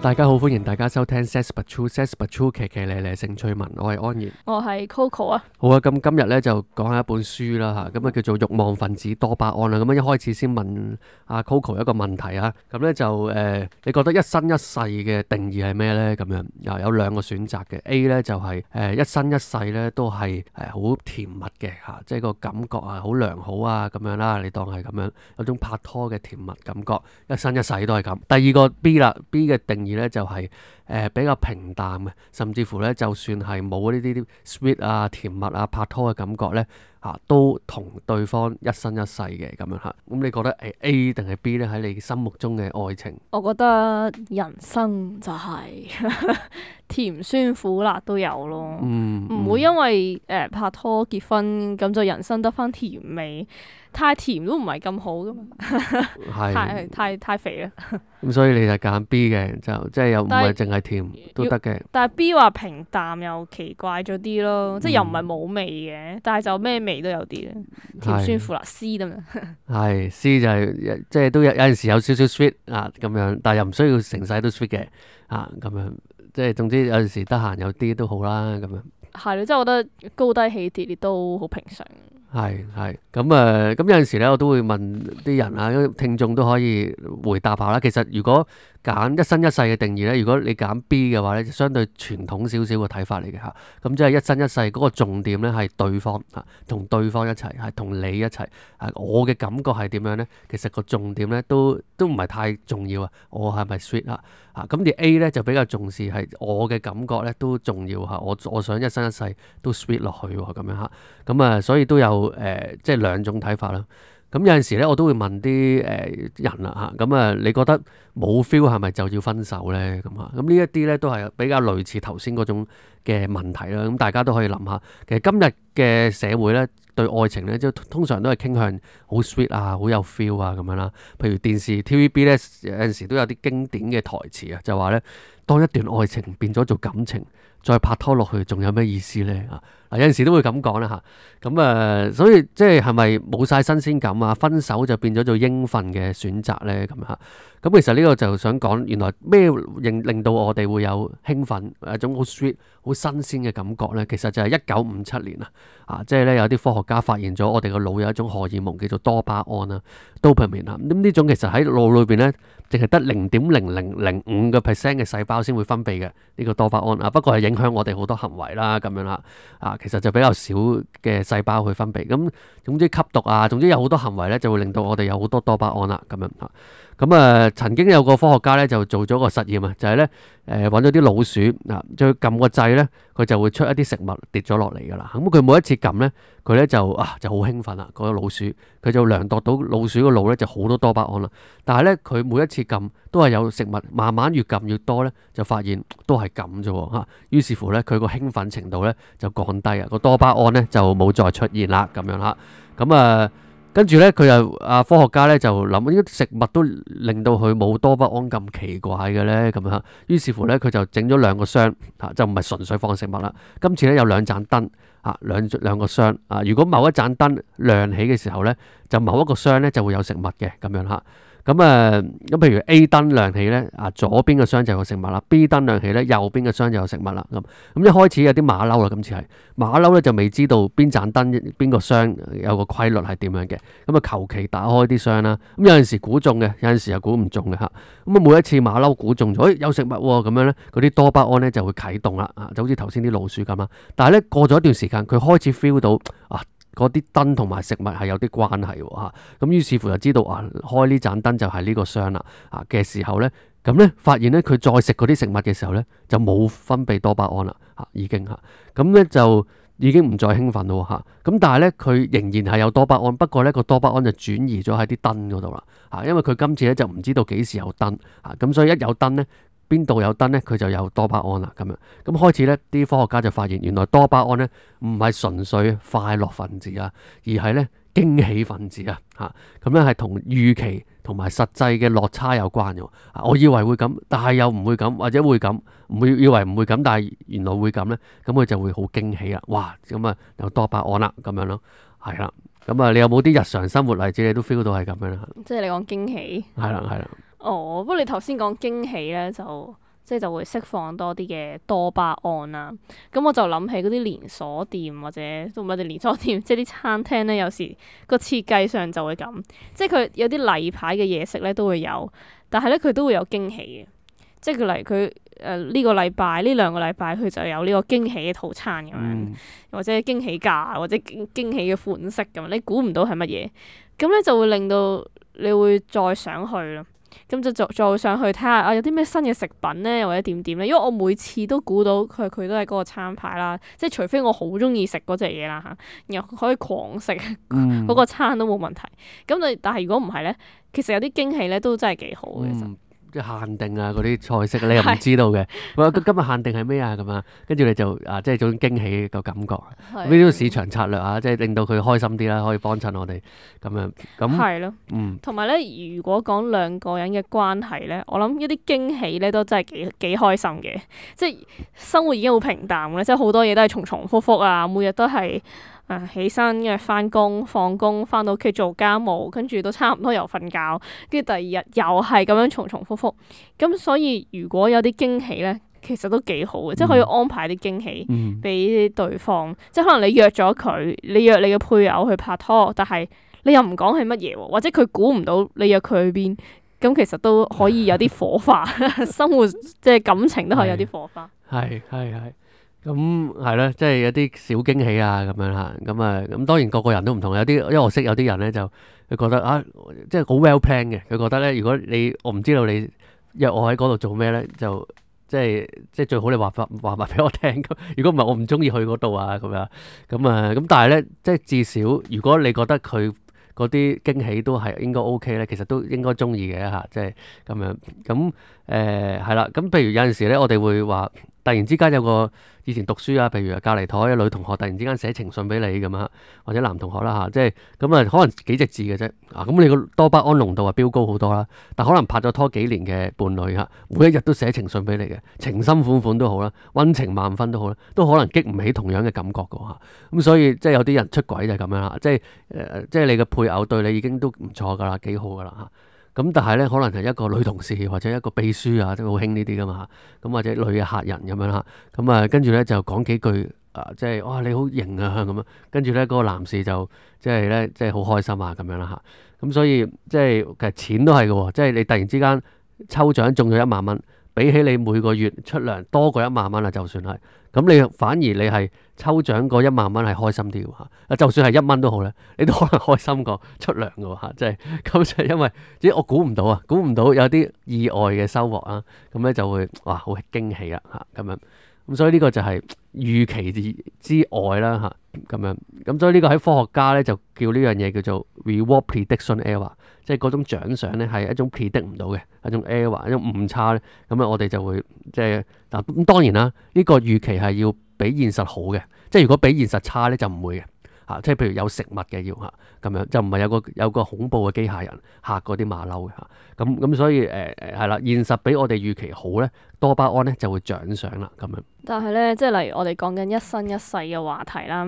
大家好，歡迎大家收聽 Sex But True，Sex But True，騎騎咧咧性趣聞，我係安然，我係 Coco 啊。好啊，咁今日咧就講下一本書啦吓，咁啊叫做《欲望分子多巴胺》啦。咁啊一開始先問阿、啊、Coco 一個問題啊，咁、啊、咧就誒、呃，你覺得一生一世嘅定義係咩咧？咁樣啊，有兩個選擇嘅 A 咧就係、是、誒、啊、一生一世咧都係誒好甜蜜嘅吓、啊，即係個感覺啊好良好啊咁樣啦，你當係咁樣有種拍拖嘅甜蜜感覺，一生一世都係咁。第二個 B 啦，B 嘅定。而咧就係。誒比較平淡嘅，甚至乎咧，就算係冇呢啲 sweet 啊、甜蜜啊、拍拖嘅感覺咧，啊，都同對方一生一世嘅咁樣吓。咁你覺得誒 A 定係 B 咧？喺你心目中嘅愛情？我覺得人生就係甜酸苦辣都有咯，唔會因為誒拍拖結婚咁就人生得翻甜味，太甜都唔係咁好嘅嘛，太太太肥啦。咁所以你就揀 B 嘅，就即係又唔會淨係。嗯。甜都得嘅，但係 B 話平淡又奇怪咗啲咯，嗯、即係又唔係冇味嘅，但係就咩味都有啲嘅，甜酸苦辣絲咁樣。係的，絲就係即係都有有陣時有少少 sweet 啊咁樣，但係又唔需要成世都 sweet 嘅啊咁樣，即係總之有陣時得閒有啲都好啦咁樣。係咯，即係我覺得高低起跌亦都好平常。係係咁啊！咁、嗯嗯、有陣時咧，我都會問啲人啊，聽眾都可以回答下啦。其實如果揀一生一世嘅定義咧，如果你揀 B 嘅話咧，就相對傳統少少嘅睇法嚟嘅吓。咁即係一生一世嗰個重點咧係對方吓、啊，同對方一齊，係同你一齊。啊，我嘅感覺係點樣咧？其實個重點咧都都唔係太重要是是啊。我係咪 sweet 吓啊？咁你 A 咧就比較重視係我嘅感覺咧都重要吓、啊。我我想一生一世都 sweet 落去咁、啊、樣吓。咁啊，所以都有。誒、呃，即係兩種睇法啦。咁、嗯、有陣時咧，我都會問啲誒、呃、人啦吓。咁啊、嗯，「你覺得冇 feel 係咪就要分手呢？」咁、嗯、啊，咁呢一啲咧都係比較類似頭先嗰種嘅問題啦。咁、嗯、大家都可以諗下。其實今日嘅社會咧，對愛情咧，即通常都係傾向好 sweet 啊，好有 feel 啊咁樣啦。譬如電視 TVB 咧，有陣時都有啲經典嘅台詞啊，就話咧，當一段愛情變咗做感情，再拍拖落去，仲有咩意思呢？啊，有陣時都會咁講啦吓，咁啊，啊，所以即係係咪冇晒新鮮感啊？分手就變咗做應份嘅選擇呢？咁啊？啊咁其實呢個就想講，原來咩令到我哋會有興奮一種好 sweet、好新鮮嘅感覺呢？其實就係一九五七年啊，啊，即係咧有啲科學家發現咗我哋個腦有一種荷爾蒙叫做多巴胺啦 （dopamine） 啦。咁呢、啊、種其實喺腦裏邊呢，淨係得零點零零零五個 percent 嘅細胞先會分泌嘅呢、呢個多巴胺啊。不過係影響我哋好多行為啦，咁樣啦、啊。啊，其實就比較少嘅細胞去分泌。咁、啊、總之吸毒啊，總之有好多行為呢，就會令到我哋有好多多巴胺啦、啊。咁樣啊。咁啊、嗯，曾經有個科學家咧就做咗個實驗啊，就係、是、呢，誒揾咗啲老鼠啊，再撳個掣呢，佢就會出一啲食物跌咗落嚟噶啦。咁佢、嗯、每一次撳呢，佢呢就啊就好興奮啦，嗰老鼠佢就量度到老鼠個腦呢就好多多巴胺啦。但係呢，佢每一次撳都係有食物，慢慢越撳越多呢，就發現都係撳啫吓。於是乎呢，佢個興奮程度呢就降低啊，個多巴胺呢就冇再出現啦，咁樣啦。咁啊～跟住呢，佢就啊，科學家呢就諗，應該食物都令到佢冇多巴胺咁奇怪嘅呢。咁樣。於是乎呢，佢就整咗兩個箱，啊，就唔係純粹放食物啦。今次呢，有兩盞燈，啊，兩兩個箱啊。如果某一盞燈亮起嘅時候呢，就某一個箱呢就會有食物嘅咁樣吓。咁啊，咁譬、嗯、如 A 燈亮起咧，啊，左邊嘅箱就有食物啦；B 燈亮起咧，右邊嘅箱就有食物啦。咁、嗯、咁一開始有啲馬騮啦，今次係馬騮咧就未知道邊盞燈、邊個箱有個規律係點樣嘅。咁、嗯、啊，求其打開啲箱啦。咁有陣時估中嘅，有陣時又估唔中嘅吓。咁啊、嗯，每一次馬騮估中咗、哎，有食物喎、啊，咁樣咧，嗰啲多巴胺咧就會啟動啦。啊，就好似頭先啲老鼠咁啊。但係咧過咗一段時間，佢開始 feel 到啊。嗰啲燈同埋食物係有啲關係吓，咁、啊、於是乎就知道啊，開呢盞燈就係呢個箱啦啊嘅時候呢，咁呢發現呢，佢再食嗰啲食物嘅時候呢，就冇分泌多巴胺啦吓、啊，已經吓，咁、啊、呢就已經唔再興奮咯吓，咁、啊、但係呢，佢仍然係有多巴胺，不過呢，個多巴胺就轉移咗喺啲燈嗰度啦吓，因為佢今次呢，就唔知道幾時有燈吓，咁、啊啊、所以一有燈呢。邊度有燈呢？佢就有多巴胺啦，咁樣。咁開始呢啲科學家就發現，原來多巴胺呢唔係純粹快樂分子啊，而係呢驚喜分子啊，吓咁樣係同預期同埋實際嘅落差有關嘅、啊。我以為會咁，但係又唔會咁，或者會咁，唔會以為唔會咁，但係原來會咁呢。咁佢就會好驚喜啦！哇，咁啊有多巴胺啦，咁樣咯，係啦，咁啊你有冇啲日常生活例子你都 feel 到係咁樣啦？即係你講驚喜，係啦，係啦。哦，不過你頭先講驚喜咧，就即係就會釋放多啲嘅多巴胺啦、啊。咁我就諗起嗰啲連鎖店或者都唔係啲連鎖店，即係啲餐廳咧，有時個設計上就會咁，即係佢有啲例牌嘅嘢食咧都會有，但係咧佢都會有驚喜嘅，即係佢例如佢誒呢個禮拜呢兩個禮拜佢就有呢個驚喜嘅套餐咁樣，嗯、或者驚喜價，或者驚喜嘅款式咁，你估唔到係乜嘢，咁咧就會令到你會再想去啦。咁就再再上去睇下啊，有啲咩新嘅食品咧，又或者點點咧？因為我每次都估到佢，佢都喺嗰個餐牌啦，即除非我好中意食嗰隻嘢啦吓、啊，然後可以狂食，嗰個餐都冇問題。咁你、嗯、但係如果唔係咧，其實有啲驚喜咧都真係幾好嘅。嗯，其實即係限定啊，嗰啲菜式你又唔知道嘅，我 今日限定係咩啊咁啊，跟住你就啊，即係種驚喜個感覺。呢啲 市場策略啊，即係令到佢開心啲啦，可以幫襯我哋咁樣。咁係咯，嗯。同埋咧，如果講兩個人嘅關係咧，我諗呢啲驚喜咧都真係幾幾開心嘅。即係生活已經好平淡咧，即係好多嘢都係重重複複啊，每日都係。啊！起身，跟住翻工、放工，翻到屋企做家務，跟住都差唔多又瞓覺，跟住第二日又係咁樣重重復復。咁所以如果有啲驚喜咧，其實都幾好嘅，嗯、即係可以安排啲驚喜俾對方。嗯、即可能你約咗佢，你約你嘅配偶去拍拖，但係你又唔講係乜嘢喎，或者佢估唔到你約佢去邊，咁其實都可以有啲火花， 生活即係感情都可以有啲火花。係係係。咁係啦，即係有啲小驚喜啊，咁樣吓，咁啊，咁當然個個人都唔同，有啲因為我識有啲人咧就佢覺得啊，即係好 well plan 嘅，佢覺得咧，如果你我唔知道你約我喺嗰度做咩咧，就即係即係最好你話翻話埋俾我聽。咁如果唔係，我唔中意去嗰度啊，咁樣咁啊，咁但係咧，即係至少如果你覺得佢嗰啲驚喜都係應該 OK 咧，其實都應該中意嘅吓，即係咁樣。咁誒係啦，咁譬如有陣時咧，我哋會話。突然之間有個以前讀書啊，譬如隔離台一女同學，突然之間寫情信俾你咁啊，或者男同學啦吓，即係咁啊，可能幾隻字嘅啫啊，咁你個多巴胺濃度啊飆高好多啦，但可能拍咗拖幾年嘅伴侶啊，每一日都寫情信俾你嘅，情深款款都好啦，溫情萬分都好啦，都可能激唔起同樣嘅感覺嘅喎嚇，咁、啊嗯、所以即係有啲人出軌就係咁樣啦，即係誒、呃，即係你嘅配偶對你已經都唔錯噶啦，幾好噶啦嚇。咁但係咧，可能係一個女同事或者一個秘書啊，即係好興呢啲噶嘛。咁或者女客人咁樣啦。咁、嗯、啊，跟住咧就講幾句啊，即係哇你好型啊咁樣。跟住咧嗰個男士就即係咧，即係好開心啊咁樣啦吓。咁、啊嗯、所以即係、就是、其實錢都係噶，即、就、係、是、你突然之間抽獎中咗一萬蚊。比起你每個月出糧多過一萬蚊啊，就算係，咁你反而你係抽獎嗰一萬蚊係開心啲㗎嚇，啊就算係一蚊都好咧，你都可能開心過出糧㗎喎嚇，即係咁就係因為即係我估唔到啊，估唔到有啲意外嘅收穫啊，咁咧就會哇好驚喜啊嚇，咁樣。咁所以呢個就係預期之外啦嚇，咁樣咁所以呢個喺科學家咧就叫呢樣嘢叫做 reward prediction error，即係嗰種獎賞咧係一種 predict 唔到嘅一種 error，一種誤差咧。咁咧我哋就會即係嗱咁當然啦，呢、這個預期係要比現實好嘅，即係如果比現實差咧就唔會嘅嚇、啊。即係譬如有食物嘅要嚇咁樣，就唔係有個有個恐怖嘅機械人嚇過啲馬騮嚇。咁、啊、咁、嗯、所以誒係、呃、啦，現實比我哋預期好咧，多巴胺咧就會獎賞啦咁樣。但係咧，即係例如我哋講緊一生一世嘅話題啦，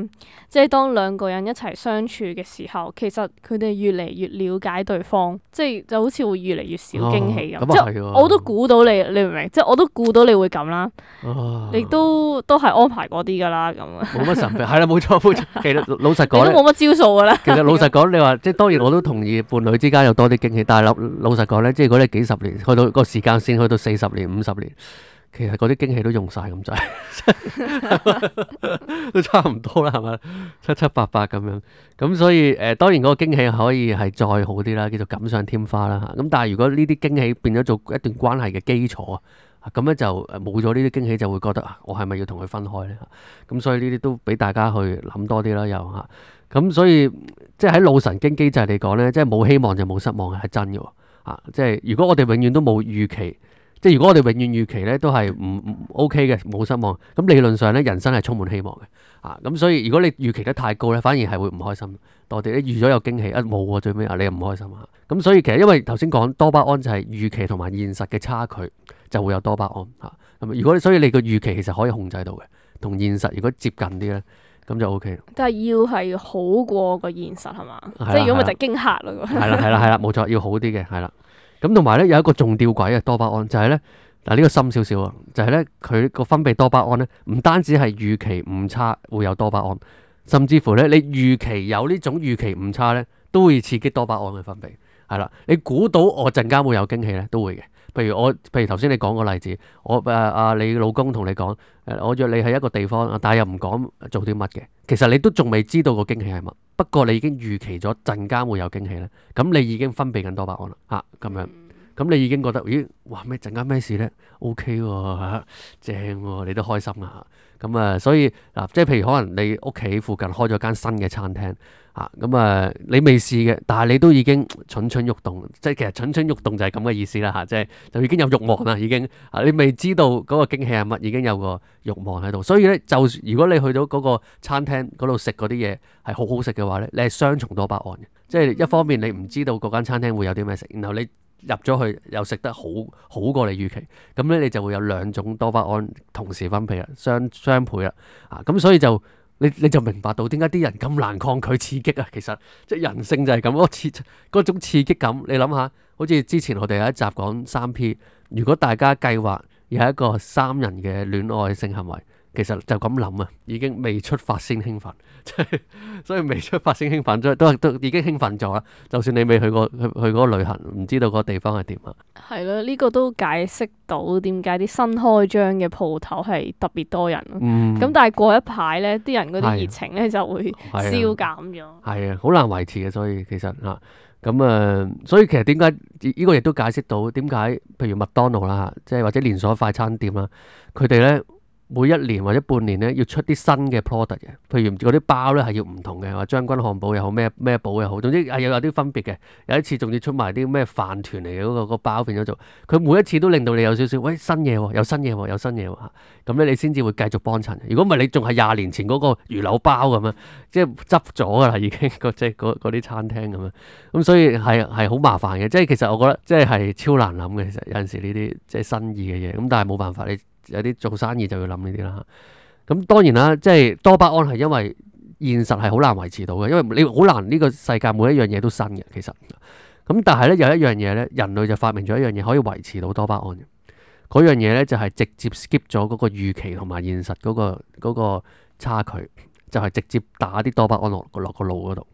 即係當兩個人一齊相處嘅時候，其實佢哋越嚟越了解對方，即係就好似會越嚟越少驚喜咁。我都估到你，你明唔明？即係我都估到你會咁啦。你、哦、都都係安排嗰啲噶啦，咁啊。冇乜神秘，係啦，冇錯，冇錯。其實老實講咧，都冇乜招數噶啦。其實老實講， 你話即係當然，我都同意伴侶之間有多啲驚喜。但係老老實講咧，即係如果你幾十年去到個時間先去到四十年、五十年。其實嗰啲驚喜都用晒咁滯， 都差唔多啦，係咪七七八八咁樣？咁所以誒、呃，當然嗰個驚喜可以係再好啲啦，叫做錦上添花啦吓。咁、啊、但係如果呢啲驚喜變咗做一段關係嘅基礎啊，咁、啊、咧就冇咗呢啲驚喜就會覺得啊，我係咪要同佢分開咧？咁、啊、所以呢啲都俾大家去諗多啲啦，又、啊、吓。咁、啊啊、所以即係喺腦神經機制嚟講咧，即係冇希望就冇失望係真嘅、啊。啊，即係如果我哋永遠都冇預期。即係如果我哋永遠預期咧都係唔唔 OK 嘅，冇失望。咁理論上咧，人生係充滿希望嘅。啊，咁所以如果你預期得太高咧，反而係會唔開心。我哋咧預咗有驚喜，啊冇啊最尾啊，你又唔開心啊。咁所以其實因為頭先講多巴胺就係預期同埋現實嘅差距就會有多巴胺吓。咁如果所以你個預期其實可以控制到嘅，同現實如果接近啲咧，咁就 OK。但係要係好過個現實係嘛？即係如果咪就驚吓咯。係啦係啦係啦，冇錯，要好啲嘅係啦。咁同埋咧有一個重吊詭嘅多巴胺就係咧，嗱呢個深少少啊，就係咧佢個分泌多巴胺咧，唔單止係預期誤差會有多巴胺，甚至乎咧你預期有呢種預期誤差咧，都會刺激多巴胺嘅分泌，係啦，你估到我陣間會有驚喜咧，都會嘅。譬如我譬如頭先你講個例子，我誒阿、呃、你老公同你講，誒我約你喺一個地方，但係又唔講做啲乜嘅，其實你都仲未知道個驚喜係乜。不過你已經預期咗陣間會有驚喜咧，咁你已經分泌緊多巴胺啦嚇，咁樣。咁你已經覺得咦？哇！咩陣間咩事咧？O K 喎，正喎、啊，你都開心啊。咁啊，所以嗱、啊，即係譬如可能你屋企附近開咗間新嘅餐廳嚇，咁啊，啊，你未試嘅，但係你都已經蠢蠢欲動。即係其實蠢蠢欲動就係咁嘅意思啦吓、啊，即係就已經有欲望啦，已經啊，你未知道嗰個驚喜係、啊、乜，已經有個欲望喺度。所以咧，就如果你去到嗰個餐廳嗰度食嗰啲嘢係好好食嘅話咧，你係雙重多巴胺嘅，即係一方面你唔知道嗰間餐廳會有啲咩食，然後你。入咗去又食得好好過你預期，咁呢你就會有兩種多巴胺同時分泌啦，相相配啦，啊咁，所以就你你就明白到點解啲人咁難抗拒刺激啊，其實即係人性就係咁，嗰刺嗰種刺激感，你諗下，好似之前我哋有一集講三 P，如果大家計劃有一個三人嘅戀愛性行為。其實就咁諗啊，已經未出發先興奮，即 係所以未出發先興奮，都都已經興奮咗啦。就算你未去過去去個旅行，唔知道嗰個地方係點啊。係咯，呢個都解釋到點解啲新開張嘅鋪頭係特別多人。嗯，咁但係過一排呢，啲人嗰啲熱情呢就會消減咗。係啊，好難維持嘅，所以其實啊，咁啊，所以其實點解呢個亦都解釋到點解，譬如麥當勞啦，即係或者連鎖快餐店啦，佢哋呢。每一年或者半年咧，要出啲新嘅 product 嘅，譬如嗰啲包咧係要唔同嘅，話將軍漢堡又好，咩咩堡又好，總之係有有啲分別嘅。有一次仲要出埋啲咩飯團嚟嘅，嗰個嗰包變咗做，佢每一次都令到你有少少，喂新嘢喎、啊，有新嘢喎、啊，有新嘢喎、啊，咁咧你先至會繼續幫襯。如果唔係你仲係廿年前嗰個魚柳包咁樣，即係執咗噶啦已經了了、 嗯，即係嗰啲餐廳咁樣。咁所以係係好麻煩嘅，即係其實我覺得即係係超難諗嘅。其實有陣時呢啲即係新意嘅嘢，咁但係冇辦法你。有啲做生意就要諗呢啲啦，咁當然啦，即係多巴胺係因為現實係好難維持到嘅，因為你好難呢個世界每一樣嘢都新嘅其實，咁但係呢，有一樣嘢呢，人類就發明咗一樣嘢可以維持到多巴胺嘅，嗰樣嘢呢，就係直接 skip 咗嗰個預期同埋現實嗰個嗰個差距，就係直接打啲多巴胺落落個腦嗰度。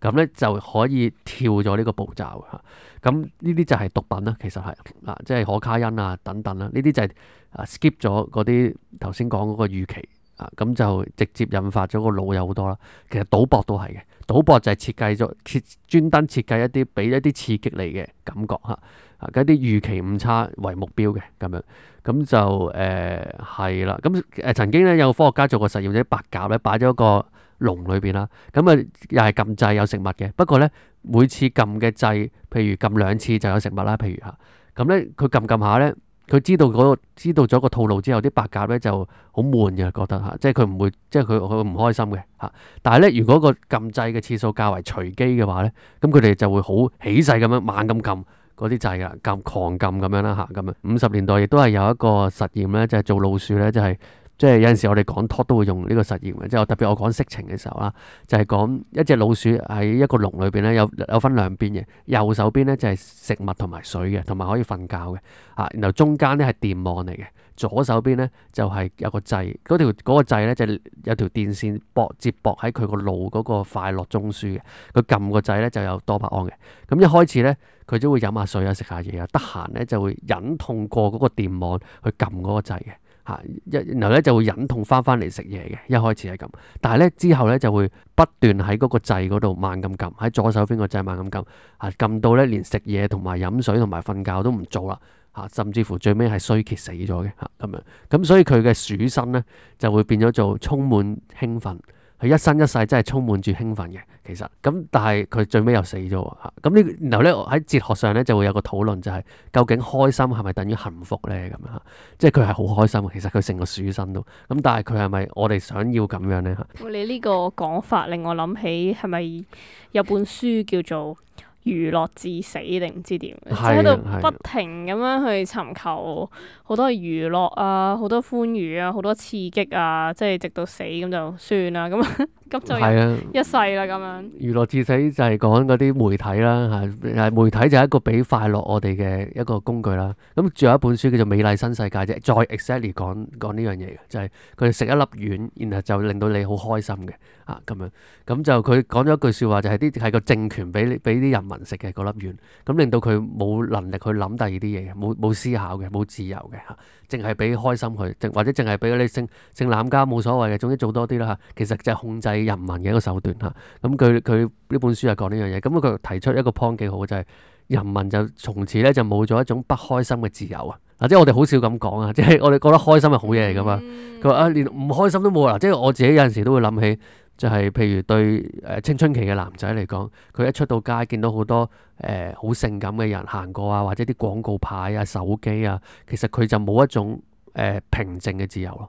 咁咧就可以跳咗呢個步驟嘅嚇，咁呢啲就係毒品啦，其實係啊，即係可卡因啊等等啦，呢啲就係啊 skip 咗嗰啲頭先講嗰個預期啊，咁就直接引發咗個腦有好多啦。其實賭博都係嘅，賭博就係設計咗專登設計一啲俾一啲刺激你嘅感覺嚇，啊，啲預期誤差為目標嘅咁樣，咁就誒係啦。咁、呃、曾經咧有科學家做過實驗，喺白鴿咧擺咗個籠裏邊啦，咁啊又係撳掣有食物嘅。不過呢，每次撳嘅掣，譬如撳兩次就有食物啦。譬如嚇，咁咧佢撳撳下呢，佢知道嗰個知道咗個套路之後，啲白鴿呢就好悶嘅，覺得嚇，即係佢唔會，即係佢佢唔開心嘅嚇。但係呢，如果個撳掣嘅次數較為隨機嘅話呢，咁佢哋就會好起勢咁樣猛咁撳嗰啲掣啦，撳狂撳咁樣啦嚇，咁樣。五十年代亦都係有一個實驗呢，就係做老鼠呢，就係。即係有陣時我哋講 talk 都會用呢個實驗嘅，即係我特別我講色情嘅時候啦，就係、是、講一隻老鼠喺一個籠裏邊咧，有有分兩邊嘅，右手邊咧就係、是、食物同埋水嘅，同埋可以瞓覺嘅，啊，然後中間咧係電網嚟嘅，左手邊咧就係、是、有個掣，嗰條嗰個掣咧、那個、就係、是、有條電線接接駁喺佢個腦嗰個快樂中樞嘅，佢撳個掣咧就有多巴胺嘅，咁一開始咧佢都會飲下水啊、食下嘢啊，得閒咧就會忍痛過嗰個電網去撳嗰個掣嘅。吓，一然後咧就會忍痛翻翻嚟食嘢嘅，一開始係咁，但係咧之後咧就會不斷喺嗰個掣嗰度猛咁撳，喺左手邊個掣猛咁撳，啊撳到咧連食嘢同埋飲水同埋瞓覺都唔做啦，吓甚至乎最尾係衰竭死咗嘅吓咁樣，咁所以佢嘅鼠身咧就會變咗做充滿興奮。佢一生一世真係充滿住興奮嘅，其實咁，但係佢最尾又死咗喎。咁、啊、呢，然後咧，喺哲學上咧就會有個討論，就是，就係究竟開心係咪等於幸福咧？咁、啊、樣，即係佢係好開心，其實佢成個書生都咁、啊，但係佢係咪我哋想要咁樣咧？你呢個講法令我諗起，係咪有本書叫做？娛樂至死定唔知點？即係喺度 不停咁樣去尋求好多娛樂啊，好 多歡愉啊，好多刺激啊，即係直到死咁就算啦咁。 係啊，一世啦咁樣。娛樂至死就係講嗰啲媒體啦，嚇，媒體就係一個俾快樂我哋嘅一個工具啦。咁仲有一本書叫做《美麗新世界》啫，再 exactly 講講呢樣嘢嘅，就係佢食一粒丸，然後就令到你好開心嘅，啊咁樣。咁就佢講咗一句説話，就係啲係個政權俾俾啲人民食嘅嗰粒丸，咁令到佢冇能力去諗第二啲嘢冇冇思考嘅，冇自由嘅嚇，淨係俾開心佢，或者淨係俾你性性濫交冇所謂嘅，總之做多啲啦嚇。其實就係控制。人民嘅一個手段吓，咁佢佢呢本書就講呢樣嘢，咁佢提出一個 point 幾好，就係、是、人民就從此咧就冇咗一種不開心嘅自由啊，嗱，即係我哋好少咁講啊，即係我哋覺得開心係好嘢嚟噶嘛，佢話啊連唔開心都冇啊，即係我自己有陣時都會諗起，就係、是、譬如對誒青春期嘅男仔嚟講，佢一出到街見到好多誒好、呃、性感嘅人行過啊，或者啲廣告牌啊、手機啊，其實佢就冇一種誒、呃、平靜嘅自由咯。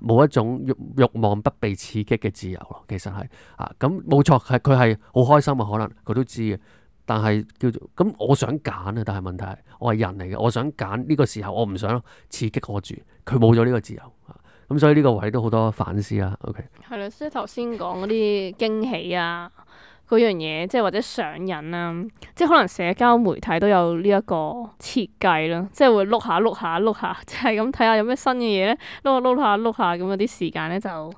冇一種欲慾望不被刺激嘅自由咯，其實係啊，咁冇錯，係佢係好開心嘅可能，佢都知嘅。但係叫做咁，我想揀啊，但係問題係我係人嚟嘅，我想揀呢個時候，我唔想刺激我住，佢冇咗呢個自由啊。咁所以呢個位都好多反思啦。OK，係啦，即頭先講嗰啲驚喜啊。嗰樣嘢即係或者上癮啊，即係可能社交媒體都有呢一個設計啦，即係會碌下碌下碌下，即係咁睇下有咩新嘅嘢咧，碌下碌下碌下咁啊，啲時間咧就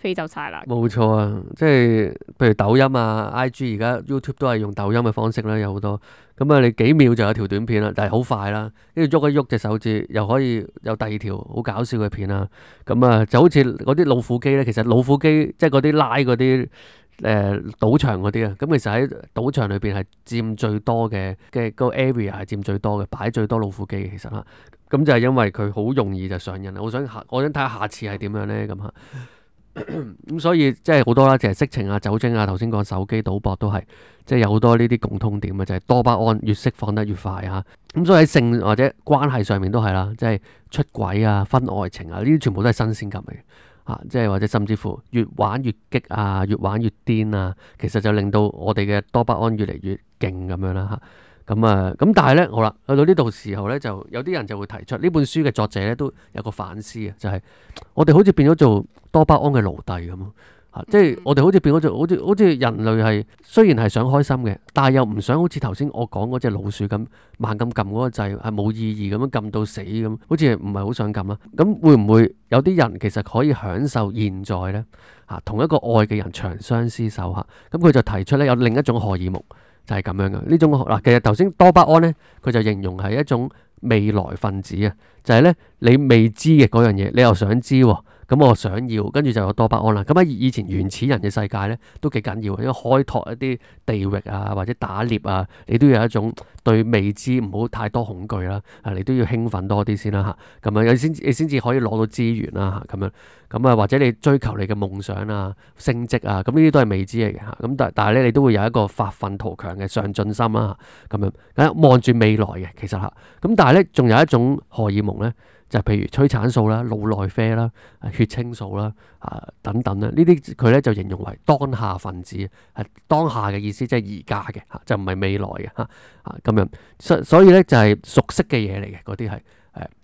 飛走晒啦。冇錯啊，即係譬如抖音啊、IG 而家 YouTube 都係用抖音嘅方式啦，有好多咁啊，你幾秒就有條短片啦，但係好快啦，跟住喐一喐隻手指，又可以有第二條好搞笑嘅片啊，咁啊就好似嗰啲老虎機咧，其實老虎機即係嗰啲拉嗰啲。誒、呃、賭場嗰啲啊，咁其實喺賭場裏邊係佔最多嘅嘅個 area 係佔最多嘅，擺最多老虎機嘅，其實啦，咁就係因為佢好容易就上癮啦。我想下，我想睇下下次係點樣咧？咁啊，咁所以即係好多啦，就係、是、色情啊、酒精啊、頭先講手機賭博都係，即、就、係、是、有好多呢啲共通點啊，就係、是、多巴胺越釋放得越快啊。咁、嗯、所以喺性或者關係上面都係啦，即、就、係、是、出軌啊、婚外情啊，呢啲全部都係新鮮感嚟嘅。啊，即係或者甚至乎越玩越激啊，越玩越癲啊，其實就令到我哋嘅多巴胺越嚟越勁咁樣啦嚇。咁啊，咁但係呢，好啦，去到呢度時候呢，就有啲人就會提出呢本書嘅作者呢都有個反思啊，就係我哋好似變咗做多巴胺嘅奴隸咁咯。即係我哋好似變咗好似好似人類係雖然係想開心嘅，但係又唔想好似頭先我講嗰隻老鼠咁猛咁撳嗰個掣，係、啊、冇意義咁樣撳到死咁，好似唔係好想撳啊，咁會唔會有啲人其實可以享受現在呢？啊，同一個愛嘅人長相廝守下，咁佢就提出呢，有另一種荷爾蒙就係、是、咁樣嘅。呢種嗱其實頭先多巴胺呢，佢就形容係一種未來分子啊，就係、是、呢：你未知嘅嗰樣嘢，你又想知喎、啊。咁我想要，跟住就有多巴胺啦。咁 喺以前原始人嘅世界咧，都幾緊要，因為開拓一啲地域啊，或者打獵啊，你都有一種對未知唔好太多恐懼啦。啊，你都要興奮多啲先啦、啊，吓咁樣，你先你先至可以攞到資源啦、啊，吓咁樣。咁啊，或者你追求你嘅夢想啊、升職啊，咁呢啲都係未知嚟嘅、啊。吓。 咁但但係咧，你都會有一個發奮圖強嘅上進心啦。咁樣啊，望 住未來嘅，其實吓、啊。咁 但係咧，仲有一種荷爾蒙咧。就譬如催產素啦、腦內啡啦、血清素啦啊等等啦，呢啲佢咧就形容為當下分子，係當下嘅意思，即係而家嘅，就唔係未來嘅嚇嚇咁樣。所所以咧就係熟悉嘅嘢嚟嘅，嗰啲係誒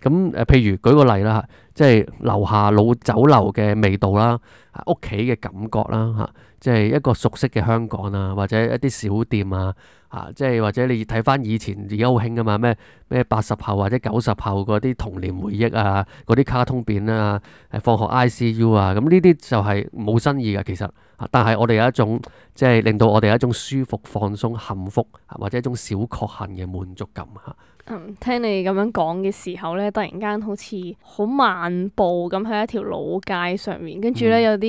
咁誒。譬如舉個例啦嚇，即係樓下老酒樓嘅味道啦。屋企嘅感覺啦嚇，即係一個熟悉嘅香港啊，或者一啲小店啊嚇，即係或者你睇翻以前而家好興噶嘛，咩咩八十後或者九十後嗰啲童年回憶啊，嗰啲卡通片啊，誒放學 ICU 啊，咁呢啲就係冇新意嘅，其實但係我哋有一種即係令到我哋有一種舒服、放鬆、幸福或者一種小確幸嘅滿足感嚇。嗯，聽你咁樣講嘅時候呢，突然間好似好漫步咁喺一條老街上面，跟住呢有啲，嗯啲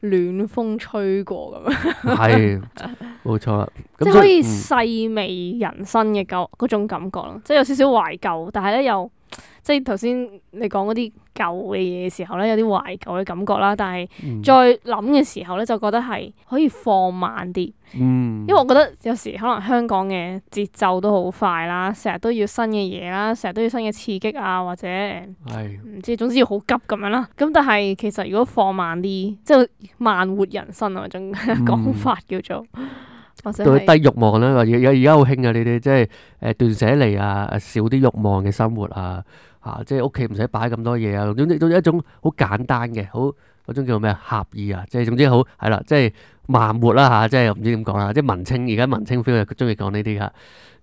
暖風吹過咁樣，係 冇錯啦， 即係可以細味人生嘅感嗰種感覺咯，嗯、即係有少少懷舊，但係咧又。即係頭先你講嗰啲舊嘅嘢嘅時候咧，有啲懷舊嘅感覺啦。但係再諗嘅時候咧，就覺得係可以放慢啲。嗯，因為我覺得有時可能香港嘅節奏都好快啦，成日都要新嘅嘢啦，成日都要新嘅刺激啊，或者，係。唔知總之要好急咁樣啦。咁但係其實如果放慢啲，即係慢活人生啊，嗰種講法叫做。嗯對低欲望啦，而而而家好興啊！呢啲即係誒斷捨離啊，少啲欲望嘅生活啊，吓即係屋企唔使擺咁多嘢啊，總之都一種好簡單嘅，好嗰種叫做咩啊，俠義啊，即係總之好係啦，即係慢活啦吓，即係唔知點講啦，即係文青而家文青非常中意講呢啲噶。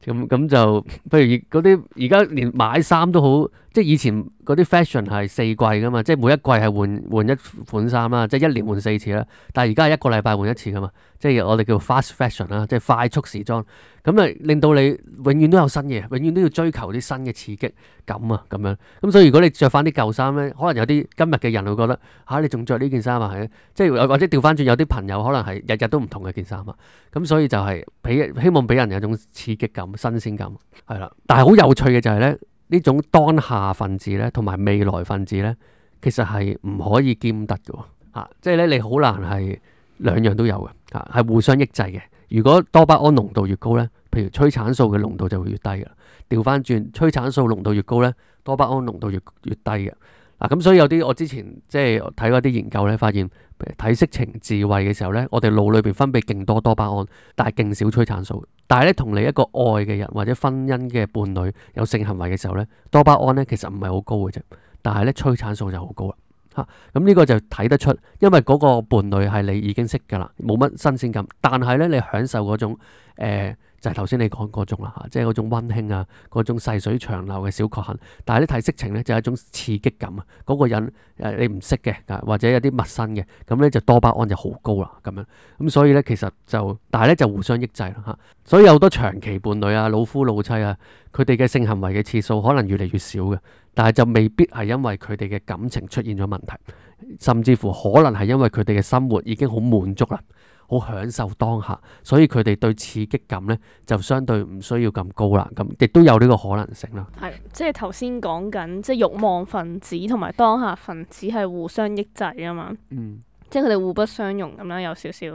咁咁就譬如嗰啲而家連買衫都好，即係以前嗰啲 fashion 係四季噶嘛，即係每一季係換換一款衫啦、啊，即係一年換四次啦、啊。但係而家係一個禮拜換一次噶嘛，即係我哋叫 fast fashion 啦、啊，即係快速時裝。咁啊令到你永遠都有新嘢，永遠都要追求啲新嘅刺激感啊，咁樣。咁所以如果你着翻啲舊衫咧，可能有啲今日嘅人會覺得吓、啊，你仲着呢件衫啊，係即係或者調翻轉有啲朋友可能係日日都唔同嘅件衫啊。咁所以就係俾希望俾人有種刺激感。新鮮感係啦，但係好有趣嘅就係、是、咧，呢種當下分子咧，同埋未來分子，咧，其實係唔可以兼得嘅喎，即係咧你好難係兩樣都有嘅，嚇、啊，係互相抑制嘅。如果多巴胺濃度越高咧，譬如催產素嘅濃度就會越低嘅，調返轉催產素濃度越高咧，多巴胺濃度越越低嘅。嗱咁、啊嗯，所以有啲我之前即係睇嗰啲研究咧，發現睇色情智慧嘅時候咧，我哋腦裏邊分泌勁多多巴胺，但係勁少催產素。但係咧，同你一個愛嘅人或者婚姻嘅伴侶有性行為嘅時候咧，多巴胺咧其實唔係好高嘅啫，但係咧催產素就好高啦。吓咁呢個就睇得出，因為嗰個伴侶係你已經識噶啦，冇乜新鮮感，但係咧你享受嗰種誒。呃就係頭先你講嗰種啦，嚇，即係嗰種溫馨啊，嗰種細水長流嘅小確幸。但係咧睇色情咧，就係一種刺激感啊。嗰個人誒你唔識嘅，或者有啲陌生嘅，咁咧就多巴胺就好高啦，咁樣。咁所以咧其實就，但係咧就互相抑制啦，嚇。所以有好多長期伴侶啊、老夫老妻啊，佢哋嘅性行為嘅次數可能越嚟越少嘅，但係就未必係因為佢哋嘅感情出現咗問題，甚至乎可能係因為佢哋嘅生活已經好滿足啦。好享受當下，所以佢哋對刺激感咧就相對唔需要咁高啦。咁亦都有呢個可能性啦。係，即係頭先講緊，即係慾望分子同埋當下分子係互相抑制啊嘛。嗯，即係佢哋互不相容咁樣有少少。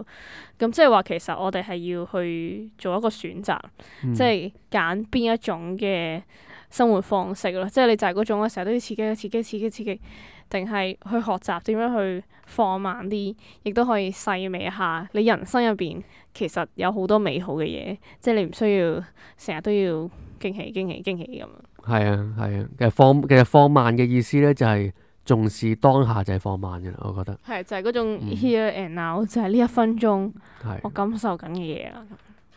咁即係話其實我哋係要去做一個選擇，嗯、即係揀邊一種嘅生活方式咯。即係你就係嗰種，成日都要刺激、刺激、刺激、刺激。定係去學習點樣去放慢啲，亦都可以細味一下你人生入邊其實有好多美好嘅嘢，即係你唔需要成日都要驚喜、驚喜、驚喜咁。係啊，係啊，其實放其實放慢嘅意思咧，就係重視當下，就係放慢嘅啦，我覺得。係啊，就係嗰種 here and now，嗯，就係呢一分鐘我感受緊嘅嘢啦。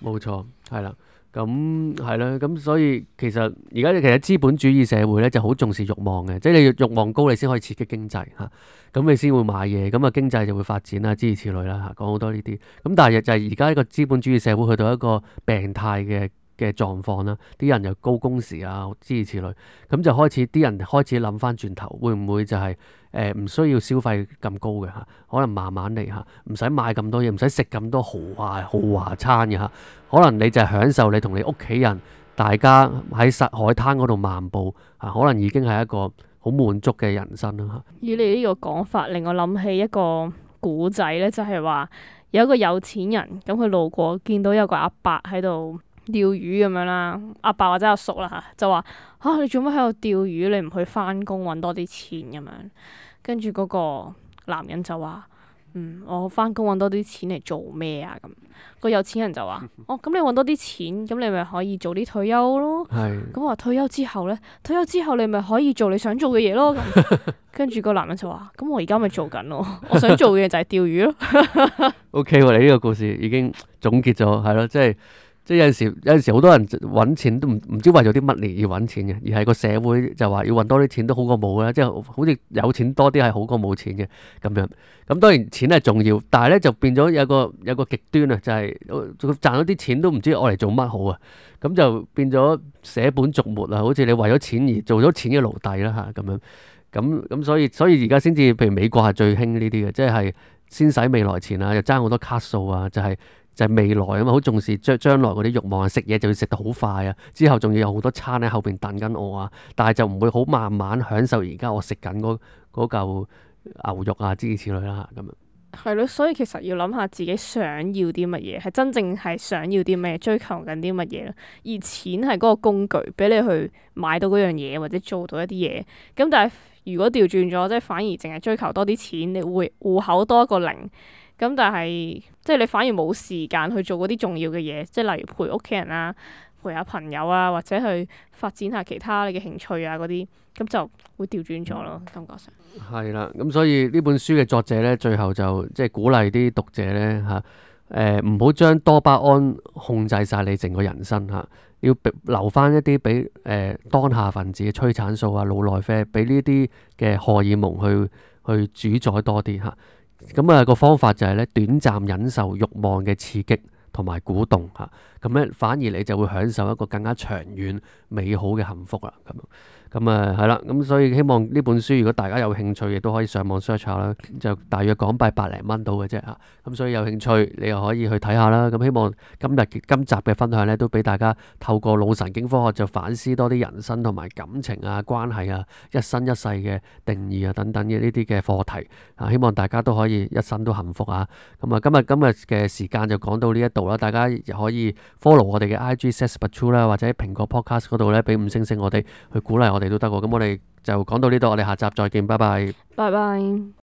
冇錯，啊，係啦啊。咁係啦，咁、嗯、所以其實而家其實資本主義社會咧就好重視欲望嘅，即係你欲望高，你先可以刺激經濟嚇，咁、啊、你先會買嘢，咁啊經濟就會發展啦，諸如此類啦，講、啊、好多呢啲。咁但係就係而家一個資本主義社會去到一個病態嘅。嘅狀況啦，啲人又高工時啊，之類之類，咁就開始啲人開始諗返轉頭，會唔會就係誒唔需要消費咁高嘅嚇？可能慢慢嚟嚇，唔使買咁多嘢，唔使食咁多豪華豪華餐嘅嚇。可能你就係享受你同你屋企人大家喺沙海灘嗰度漫步啊，可能已經係一個好滿足嘅人生啦嚇。以你呢個講法，令我諗起一個古仔咧，就係話有一個有錢人咁，佢路過見到有個阿伯喺度。釣魚咁樣啦，阿爸、爸或者阿叔啦吓，就話吓、啊、你做乜喺度釣魚？你唔去返工，搵多啲錢咁樣。跟住嗰個男人就話：嗯，我返工搵多啲錢嚟做咩啊？咁個有錢人就話：哦、啊，咁你搵多啲錢，咁你咪可以早啲退休咯。係是。咁話退休之後呢，退休之後你咪可以做你想做嘅嘢咯。 跟住個男人就話：咁我而家咪做緊咯，我想做嘅嘢就係釣魚咯。 o、okay, K，你呢個故事已經總結咗，係咯，即係。即係有陣時，有陣時好多人揾錢都唔唔知為咗啲乜嘢而揾錢嘅，而係個社會就話要揾多啲錢都好過冇啦，即係好似有錢多啲係好過冇錢嘅咁樣。咁當然錢係重要，但係咧就變咗有個有個極端啊，就係、是、賺咗啲錢都唔知攞嚟做乜好啊，咁就變咗捨本逐末啊，好似你為咗錢而做咗錢嘅奴隸啦嚇咁樣。咁咁所以所以而家先至譬如美國係最興呢啲嘅，即係先使未來錢啊，又爭好多卡數啊，就係、是。就係未來啊嘛，好重視將將來嗰啲欲望啊，食嘢就要食得好快啊，之後仲要有好多餐喺後邊等緊我啊，但係就唔會好慢慢享受而家我食緊嗰嚿牛肉啊之類之類啦咁啊。係咯，所以其實要諗下自己想要啲乜嘢，係真正係想要啲咩，追求緊啲乜嘢。而錢係嗰個工具，俾你去買到嗰樣嘢或者做到一啲嘢。咁但係如果調轉咗，即係反而淨係追求多啲錢，你會戶口多一個零。咁但係即係你反而冇時間去做嗰啲重要嘅嘢，即係例如陪屋企人啊，陪下朋友啊，或者去發展下其他你嘅興趣啊嗰啲，咁就會調轉咗咯，嗯、感覺上。係啦，咁所以呢本書嘅作者咧，最後就即係、就是、鼓勵啲讀者咧嚇，誒唔好將多巴胺控制晒你整個人生嚇、呃，要留翻一啲俾誒當下分子嘅催產素啊、腦內啡，俾呢啲嘅荷爾蒙去去、去主宰多啲嚇。呃咁啊個方法就係咧，短暫忍受欲望嘅刺激同埋鼓動吓。咁咧，反而你就會享受一個更加長遠美好嘅幸福啦。咁咁啊，係、嗯、啦。咁、嗯、所以希望呢本書，如果大家有興趣，亦都可以上網 search 下啦。就大約港幣百零蚊到嘅啫嚇。咁、嗯、所以有興趣，你又可以去睇下啦。咁、嗯、希望今日今集嘅分享呢，都俾大家透過腦神經科學，就反思多啲人生同埋感情啊、關係啊、一生一世嘅定義啊等等嘅呢啲嘅課題。啊、嗯，希望大家都可以一生都幸福啊。咁、嗯、啊，今日今日嘅時間就講到呢一度啦。大家可以～Follow 我哋嘅 IG#sexbetrue 啦，或者喺蘋果 Podcast 嗰度咧俾五星星我哋，去鼓勵我哋都得喎。咁我哋就講到呢度，我哋下集再見，拜拜。拜拜。